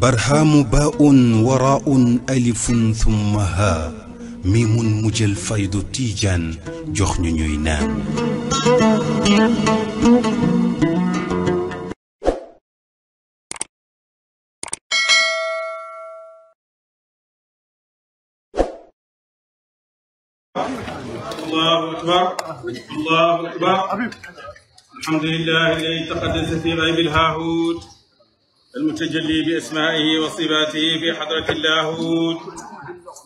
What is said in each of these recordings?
برهام باء وراء ألف ثم ها ميم مجل فيض تيجان جخن نينام الله أكبر الله أكبر الحمد لله الذي تقدس في غيب الهاهوت المتجلي بأسمائه وصفاته في حضرة اللاهوت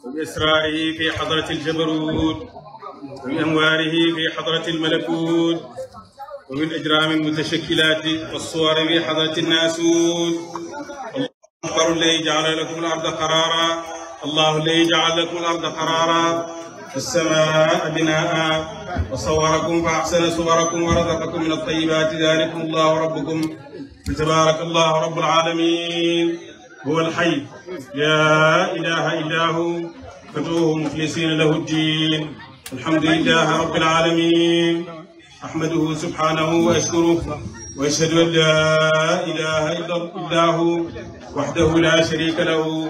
وبإسرائه في حضرة الجبروت وبأنواره في حضرة الملكوت ومن أجرام المتشكلات والصور في حضرة الناسوت الله الذي جعل لكم الأرض قرارا الله الذي جعل لكم الأرض قرارا في السماء بناء وصوركم فأحسن صوركم ورزقكم من الطيبات ذلكم الله ربكم فتبارك الله رب العالمين هو الحي لا إله إلا هو فدوه مخلصين له الدين الحمد لله رب العالمين أحمده سبحانه وأشكره وأشهد أن لا إله إلا هو وحده لا شريك له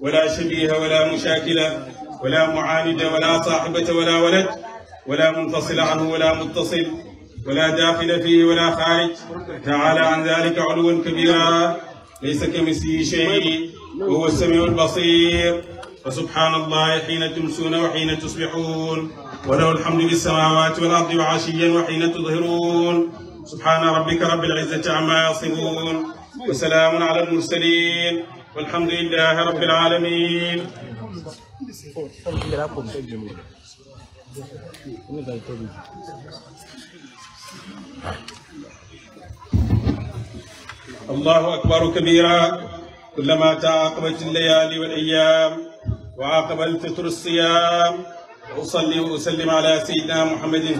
ولا شبيه ولا مشاكل ولا معاند ولا صاحبة ولا ولد ولا منفصل عنه ولا متصل ولا داخل فيه ولا خارج تعالى عن ذلك علوا كبيرا ليس كمثله شيء وهو السميع البصير فسبحان الله حين تمسون وحين تصبحون وله الحمد في السماوات والارض وعشيا وحين تظهرون سبحان ربك رب العزه عما يصفون وسلام على المرسلين والحمد لله رب العالمين الله أكبر كبيرا كلما تعاقبت الليالي والأيام وعاقب الفطر الصيام أصلي وأسلم على سيدنا محمد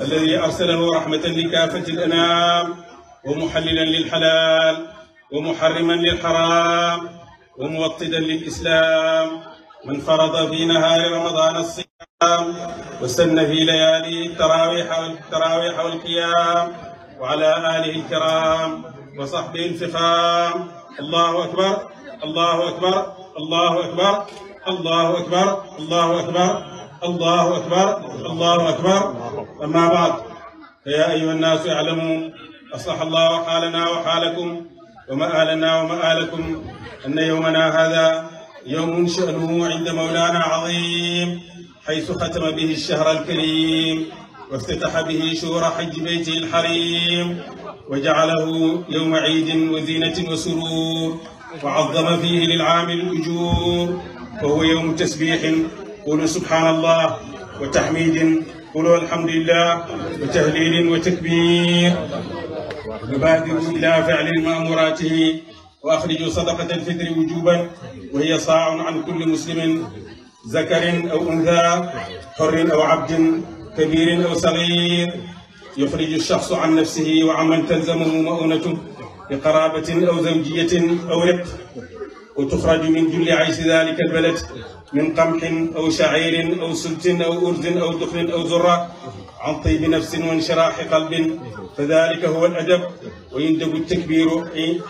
الذي أرسله رحمة لكافة الأنام ومحللا للحلال ومحرما للحرام وموطدا للإسلام من فرض في نهار رمضان الصيام وسن في ليالي التراويح والتراويح والقيام وعلى آله الكرام وصحبه الفخام الله أكبر الله أكبر الله أكبر الله أكبر الله أكبر الله أكبر الله أكبر أما بعد فيا أيها الناس اعلموا أصلح الله حالنا وحالكم ومآلنا ومآلكم أن يومنا هذا يوم شأنه عند مولانا عظيم حيث ختم به الشهر الكريم وافتتح به شهور حج بيته الحريم وجعله يوم عيد وزينة وسرور وعظم فيه للعام الأجور وهو يوم تسبيح قولوا سبحان الله وتحميد قولوا الحمد لله وتهليل وتكبير وبادروا إلى فعل مأموراته وأخرجوا صدقة الفطر وجوبا وهي صاع عن كل مسلم ذكر أو أنثى حر أو عبد كبير أو صغير يخرج الشخص عن نفسه وعمن تلزمه مؤونته بقرابة أو زوجية أو رق وتخرج من جل عيش ذلك البلد من قمح أو شعير أو سلت أو أرز أو دخن أو ذرة عن طيب نفس وانشراح قلب فذلك هو الأدب ويندب التكبير حين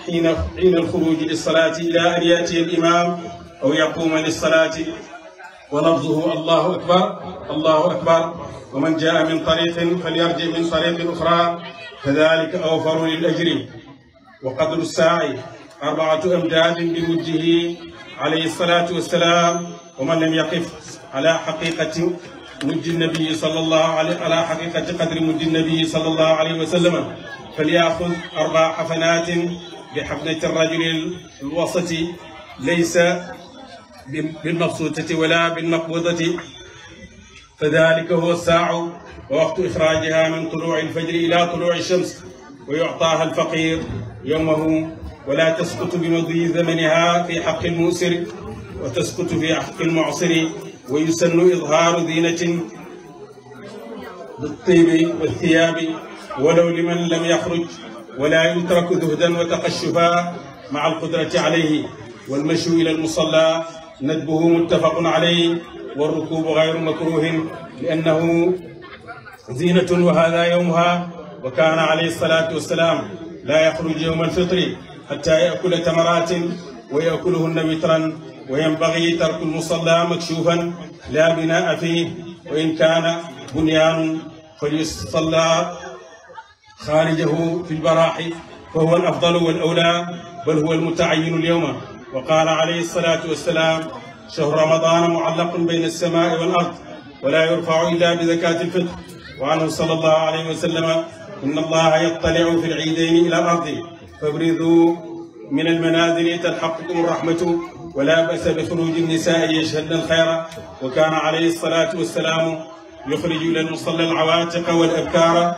حين الخروج للصلاة إلى أن يأتي الإمام أو يقوم للصلاة ولفظه الله أكبر الله أكبر ومن جاء من طريق فليرجع من طريق أخرى فذلك أوفر للأجر وقدر الساعي أربعة أمداد بوجهه عليه الصلاة والسلام ومن لم يقف على حقيقة مجد النبي صلى الله عليه على حقيقة قدر مجد النبي صلى الله عليه وسلم فليأخذ أربع حفنات بحفنة الرجل الوسط ليس بالمبسوطة ولا بالمقبوضة فذلك هو الساع ووقت إخراجها من طلوع الفجر إلى طلوع الشمس ويعطاها الفقير يومه ولا تسقط بمضي زمنها في حق المؤسر وتسقط في حق المعسر ويسن إظهار زينة بالطيب والثياب ولو لمن لم يخرج ولا يترك زهدا وتقشفا مع القدرة عليه والمشي إلى المصلى ندبه متفق عليه والركوب غير مكروه لأنه زينة وهذا يومها وكان عليه الصلاة والسلام لا يخرج يوم الفطر حتى يأكل تمرات ويأكلهن مترا وينبغي ترك المصلى مكشوفا لا بناء فيه وإن كان بنيان فليصلى خارجه في البراح فهو الأفضل والأولى بل هو المتعين اليوم وقال عليه الصلاة والسلام شهر رمضان معلق بين السماء والأرض ولا يرفع إلا بزكاة الفطر وعنه صلى الله عليه وسلم إن الله يطلع في العيدين إلى الأرض فابرزوا من المنازل تلحقكم الرحمة ولا بأس بخروج النساء يشهدن الخير وكان عليه الصلاة والسلام يخرج إلى المصلى العواتق والأبكار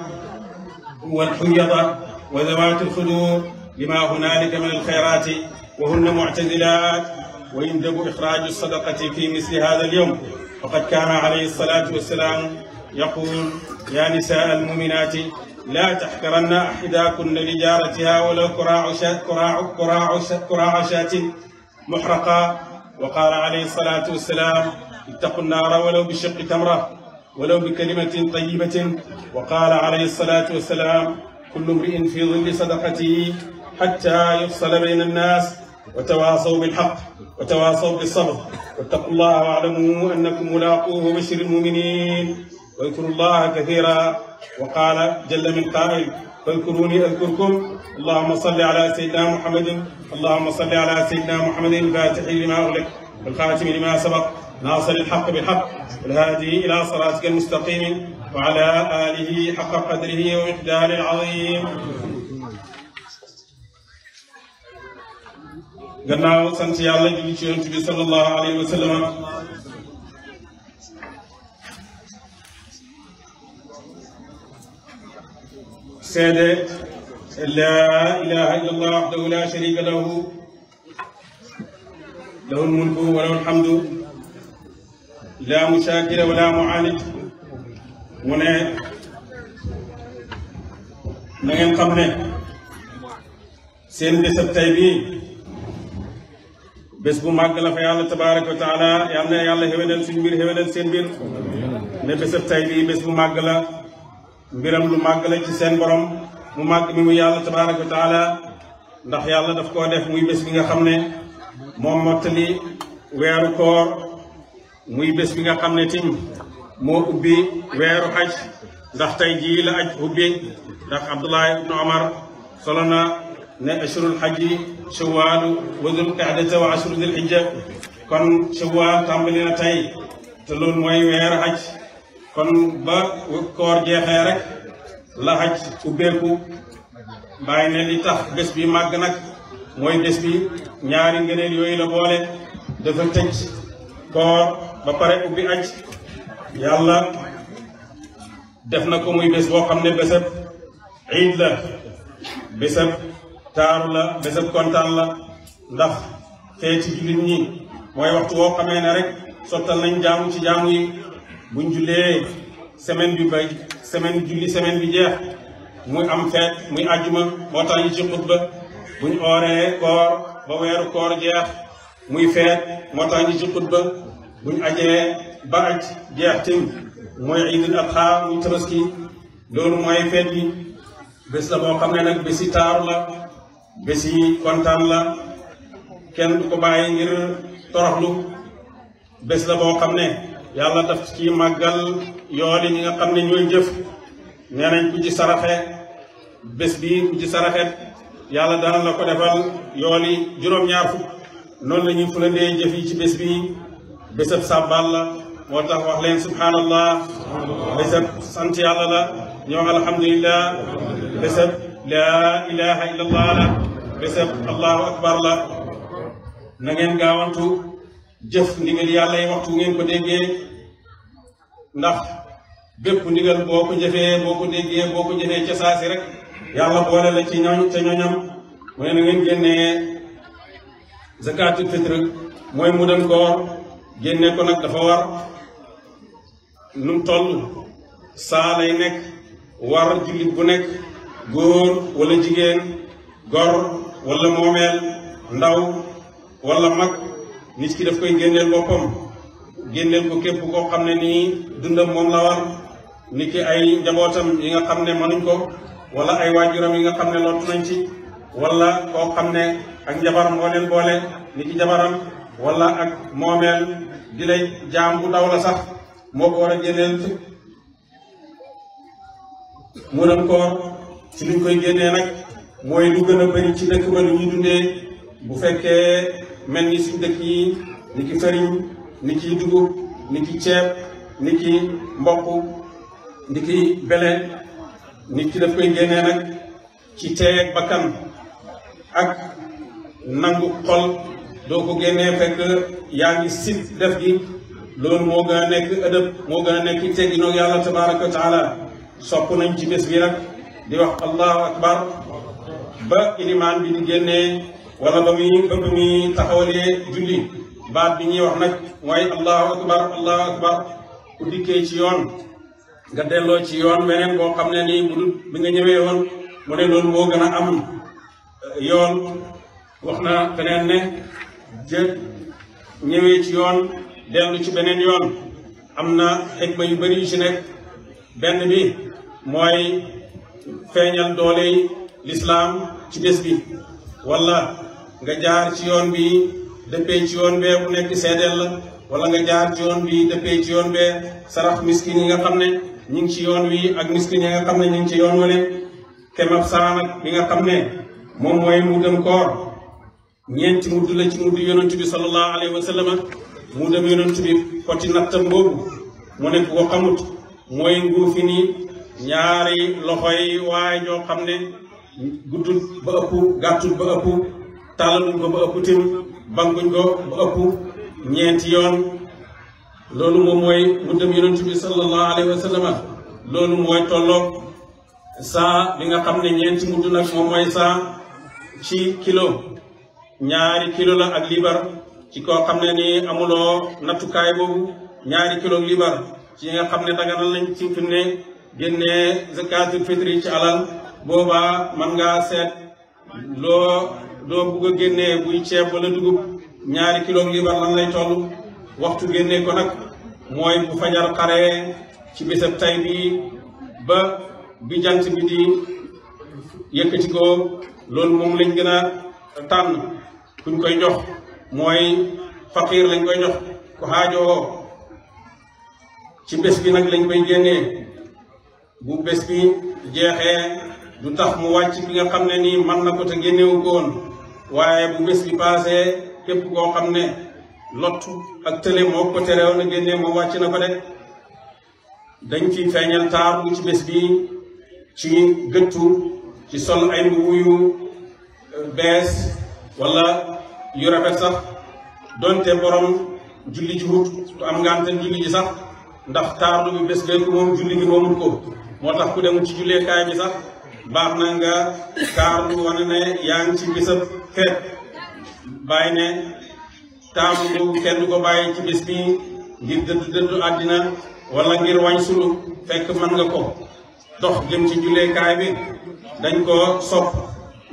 والحيض وذوات الخدور لما هنالك من الخيرات وهن معتزلات ويندب إخراج الصدقة في مثل هذا اليوم وقد كان عليه الصلاة والسلام يقول يا نساء المؤمنات لا تحقرن أحداكن لجارتها ولو كراع شاة كراع كراع كراع شاة محرقة وقال عليه الصلاة والسلام اتقوا النار ولو بشق تمرة ولو بكلمة طيبة وقال عليه الصلاة والسلام كل امرئ في ظل صدقته حتى يفصل بين الناس وتواصوا بالحق وتواصوا بالصبر واتقوا الله واعلموا أنكم ملاقوه بشر المؤمنين واذكروا الله كثيرا وقال جل من قائل فاذكروني اذكركم اللهم صل على سيدنا محمد اللهم صل على سيدنا محمد الفاتح لما اغلق والخاتم لما سبق ناصر الحق بالحق والهادي الى صراطك المستقيم وعلى اله حق قدره ومقداره العظيم قلنا sant يا الله ci yonent bi sallallahu سادة لا إله إلا الله وحده لا شريك له له الملك وله الحمد لا مشاكل ولا معالج هنا نعم قبل سين بس التايبين بس بو ماكلا في الله تبارك وتعالى يا الله يا الله هبنا سين بير هبنا سين بير نبس نعم التايبين بس بو ماكلا mbiram lu màgg la ci seen borom mu màgg mi mu yàlla tabaaraka wa taala ndax yàlla def koo def muy bés bi nga xam ne moom mottali weeru koor muy bés bi nga xam ne tim moo ubbi weeru aj ndax tey jii la aj ubbi ndax abdullah ibnu omar solo na ne ashurul xaji shawaalu wa dul qaadata wa ashuru dul hijja kon shawaal tàmbali na tey te loolu mooy weeru aj kon ba koor jeexee rek la xaj ubbeeku bàyyi ne li tax bés bi màgg nag mooy bés bi ñaari ngëneel yooyu la boole dafa tëj koor ba pare ubbi aj yàlla def na ko muy bés boo xam ne bésab iid la bésab taaru la bésab kontaan la ndax feeti jullit ñi mooy waxtu woo xamee ne rek sottal nañ jaamu ci jaamu yi buñ jullee semaine bi bay semaine julli semaine bi jeex muy am feet muy àjjuma moo tax ñu ci xutba buñ ooree koor ba weeru koor jeex muy feet moo tax ñu ci xutba buñ ajee ba aj jeex tim mooy iidul adha muy tabaski loolu mooy feet bi bés la boo xam ne nag bési taaru la bési kontaan la kenn du ko bàyyi ngir toroxlu bés la boo xam ne yàlla daf ci màggal yooli ñi nga xam ne ñooy jëf nee nañ ku ci saraxe bés bi ku ci saraxe yàlla dana la ko defal yooli juróom-ñaar fukk noonu la ñuy fulandee jëf yi ci bés bi bésab sàbbal la moo tax wax leen subhaanallah bésab sant yàlla la ñu wax alhamdulillah bésab laa ilaha illallah la bésab allahu akbar la na ngeen gaawantu jëf ndigal yàlla yi waxtu ngeen ko déggee ndax bépp ndigal boo ko jëfee boo ko déggee boo ko jëfee ca saasi rek yàlla boole la ci ñooñ ca ñooñam mu na ngeen génnee zakatul fitre mooy mu dem koor ko nag dafa war nu mu toll saa nekk war jullit bu nekk góor wala jigéen gor wala moomeel ndaw wala mag nit ki daf koy génneel boppam génneel ko képp koo xam ne nii dundam moom la war nit ki ay njabootam yi nga xam ne mënuñ ko wala ay waajuram yi nga xam ne lottu nañ ci wala koo xam ne ak njabaram moo leen boole nit ki jabaram wala ak moomeel di lay jaam bu daw la sax moo ko war génneel mu koy génnee nag mooy lu gën a bëri ci dëkk ba lu dundee bu fekkee mel ni suñ dëkk yi ni ki ki dugub niki ki ceeb ni ki mboq ni ki bele nit ki daf koy génnee ci teeg bakkan ak nangu xol doo ko génnee fekk yaa ngi sit def gi loolu moo ga a nekk ëdëb moo gën a nekk tegginoog yàlla tabaraka wa taala sopp nañ ci bés bi nag di wax allahu akbar ba ilimaan bi di génnee wala ba muy ba muy taxawalee julli baat bi ñuy wax na mooy allahu akbar allahu akbar ku dikkee ci yoon nga delloo ci yoon weneen boo xam ne ni bu dul bi nga ñëwee woon mu ne loolu moo gën a am eh, yoon wax na feneen ne jë ñëwee ci yoon dellu ci beneen yoon am na xikma yu bëri yu ci nekk benn bi mooy feeñal doole yi lislaam ci bés bi wala nga jaar ci yoon bi dëppee ci yoon bee ku nekk seedeel la wala nga jaar ci yoon bi dëppee ci yoon bee sarax miskin yi nga xam ne ñu ngi ci yoon wi ak miskin yi nga xam ne ñu ngi ci yoon wale kemab saa bi nga xam ne moom mooy muddam koor ñeenti mudd la ci mudd yonent bi sallallahu alayhi wa sallam muddam yonent bi poti nattam boobu mu nekk ko xamut mooy nguufi ni ñaari loxo waaye ñoo xam ne guddut ba ëpp gàttut ba ëpp tàllaluñ ko ba ñeenti yoon loolu moom mooy muddam yonent bi sallallahu alayhi wa sallama loolu mooy saa bi nga xam ne ñeenti mudd nag moom mooy saa ci kilo ñaari kilo la ak libar ci koo xam ne ni amuloo nattukaay boobu ñaari kilo ak libar ci nga xam ne daganal nañ ci fi mu ne génnee fitri ci alal boobaa mën nga seet loo doo bugg genne bui buy ceeb wala dugub ñaari kilo liibar lan lay tollu waxtu génnee ko nak moy bu fajar xaré ci bisab tay bi ba bi jant bi di yëkëti ko lool moom lañu gëna tan kuñ koy jox moy faqir lañ koy jox ko haajo ci bes bi nak lañ koy génnee bu bes bi jeexee du tax mu wacc bi nga xamné ni man nako ta ko wu ko won waaye bu bés bi paasee képp koo xam ne lott ak tële moo ko tereew na génnee moom wàcc na ko de dañ ciy feeñal taar bu ci bés bi ci gëttu ci sol ay mbubu yu euh, bees wala yu rafet sax donte borom julli ji wut du am ngante julli ji sax ndax taarlu bi bés benn moom julli gi moomul ko moo tax ku dem ci julleekaay bi sax baax na nga taarlu wane yaa ngi ci bésab feet bàyyi ne taamu kenn ko bàyyi ci bis bi ngir dëdd dëddu àddina wala ngir wañ sulu fekk man nga ko dox jëm ci julleekaay bi dañ ko sopp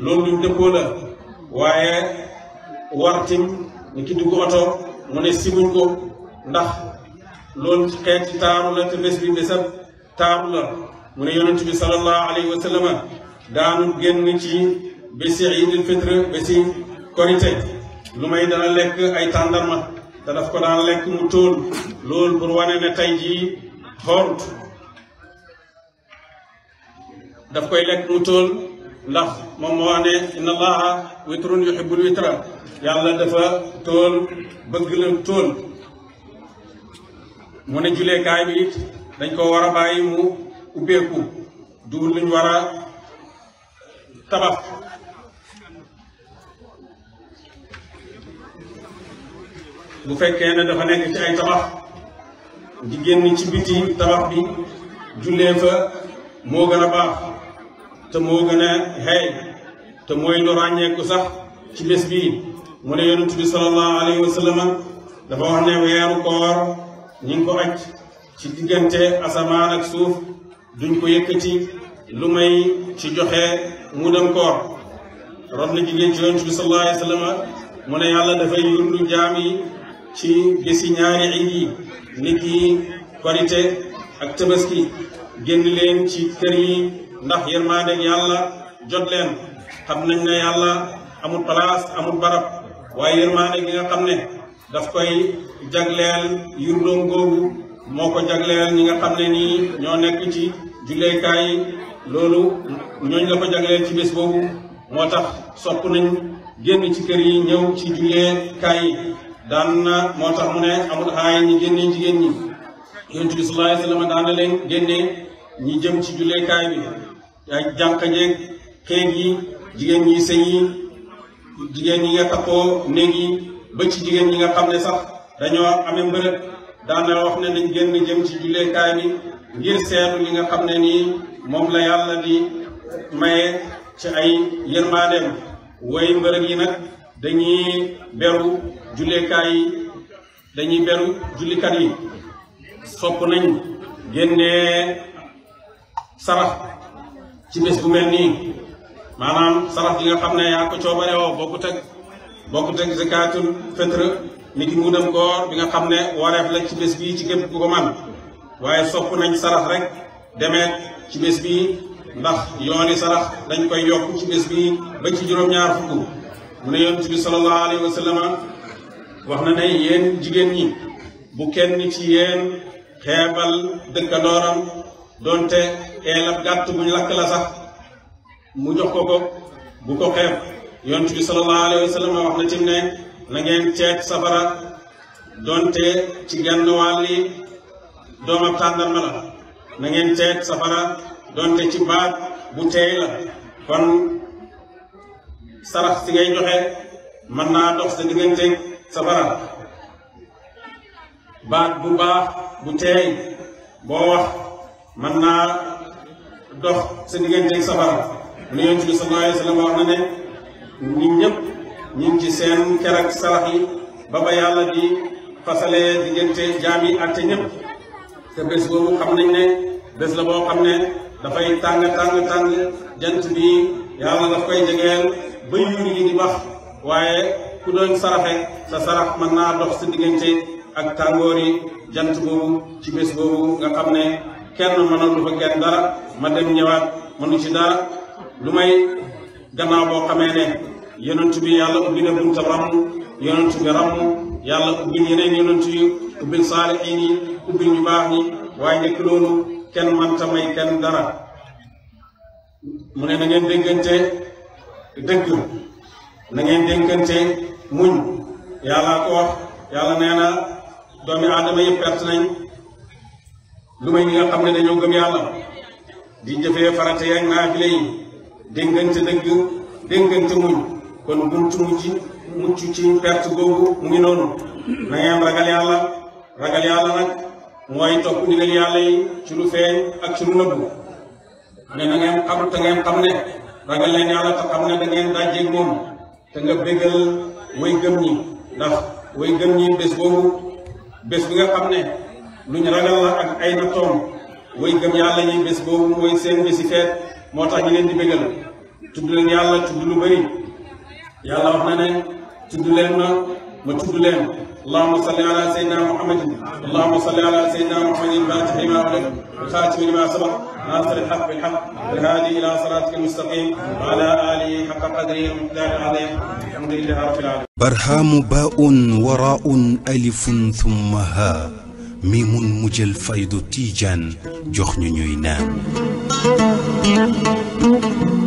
loolu lu dëppoo la waaye wartim ni ki dugg oto mu ne simuñ ko ndax loolu xeet ci taaru la te bés bi bésab taaru la mu ne yonent bi sallallahu alayhi wa sallam daanu ci bési Idil Fitr bési Korité lu may dana lekk ay tàndarma te daf ko daan lekk mu tóol loolu pour wane ne tey jii xoorut daf koy lekk mu tóol ndax moom moo ne inna allaha witrun yàlla dafa tóol bëgg la tóol mu ne juleekaay bi it dañ ko war a bàyyi mu ubbeeku du luñ war a tabax bu fekkee ne dafa nekk ci tabax di génn ci biti tabax bi jullee fa moo gën a baax te moo gën a xeey te mooy lu ràññeeku sax ci bés bii mu ne yonent bi sallallahu alayhi wa sallam dafa wax ne weeru koor ñi ko aj ci diggante asamaan ak suuf duñ ko yëkkati lu may ci joxe mu dem koor rot na jigéen ci yonent bi sallallahu alayhi wa mu ne yàlla dafay yurdu jaam yi ci bisi ñaari iid yi niki korite ak tabaski génn leen ci kër ndax yërmaandeg yàlla jot leen xam nañ ne yàlla amul place amul barab waaye yërmaande gi nga xam ne daf koy jagleel yurdoom googu moo ko jagleel ñi nga xam ne nii ñoo nekk ci julleekaay yi loolu ñooñ la ko jagleel ci bés boobu moo tax sopp nañ génn ci kër yi ñëw ci julleekaay daan na moo tax mu ne amul xaay ñi génne jigéen ñi yonent bi sallallahu alayhi wasallam daan na leen génne ñi jëm ci julleekaay bi ay jànq jeeg xeeg yi jigéen ñi sëy yi jigéen ñi nga takkoo néeg yi ba ci jigéen ñi nga xam ne sax dañoo amee mbërëg daan na wax ne nañ génn jëm ci julleekaay bi ngir seetu li nga xam ne nii moom la yàlla di maye ci ay yërmaaneem way mbërëg yi nag dañuy beru julleekaay yi dañuy beru jullikat yi sopp nañ génnee sarax ci bés bu mel nii maanaam sarax gi nga xam ne yaa ko coobare woo bokkut ak bokkut ak zakaatul fëtre ni ki mu dem koor bi nga xam ne wareef la ci bés bii ci képp ku ko waaye sopp nañ sarax rek demeet ci bés bii ndax yooni sarax dañ koy yokk ci bés bii ba ci juróom-ñaar fukk mu ne yonent bi sallallahu alayhi wa sallam wax na ne yéen jigéen ñi bu kenn ci yéen xeebal dëkkandooram doonte eelab gàtt buñ lakk la sax mu jox ko ko bu ko xeeb yonent bi sallallahu wax na tim ne na ngeen ceet safara doonte ci genn wàll yi tàndarma la na ngeen ceet safara doonte ci baat bu teey la kon sarax si ngay joxe mën naa dox sa diggante safara baat bu baax bu teey boo wax mën naa dox sa digganteeg safara mu ne yonent bi sallallahu alayhi wa sallam wax na ne nit ñëpp ñu ci seen ker ak sarax yi ba ba yàlla di fasalee diggante jaam yi àtte ñëpp te bés boobu xam nañ ne bés la boo xam ne dafay tàng tàng tàng jant bi yàlla daf koy jegeel ba yuur yi di wax waaye ku doon saraxe sa sarax mën naa dox sa diggante ak tàngoor yi jant boobu ci bés boobu nga xam ne kenn mënoon du fa kenn dara ma dem ñëwaat mënu ci dara lu may gannaaw boo xamee ne yonent bi yàlla ubbi na bunta ramm yonent bi ramm yàlla ubbil yeneen yonent yi ubbil saalixiin yi ubbil baax ñi waaye nekk loolu kenn manta may kenn dara mu ne na ngeen dëgg na ngeen denkante muñ yalla ko wax yalla neena doomi adama yepp pert nañ lu may ñi nga xamne dañu gëm yalla di jëfé farata na fi lay denkante deug denkante muñ kon buntu ci mucc ci pert gogu mu ngi noonu na ngeen ragal yalla ragal nak, moy top topp ndigal yalla yi ci lu feñ ak ci lu nëbbu ne na ngeen xamul ta ngeen xamne ragal leen yalla ta xamne da ngeen dajje mom te nga bégal way gëm ñi ndax way gëm ñi bés boobu bés bi nga xam ne lu ñu ragal la ak ay nattoom way gëm yàlla ñi bés boobu mooy seen bési feet moo tax ñu leen di bégal tudd leen yàlla tudd lu bëri yàlla wax na ne tudd na وتشوف اللهم صل على سيدنا محمد اللهم صل على سيدنا محمد الفاتح لما ولد والخاتم لما سبق ناصر الحق بالحق الهادي الى صراطك المستقيم وعلى اله حق قدره ومقداره العظيم الحمد لله رب العالمين برهام باء وراء الف ثم هاء ميم مجل فيض تيجان جخن نام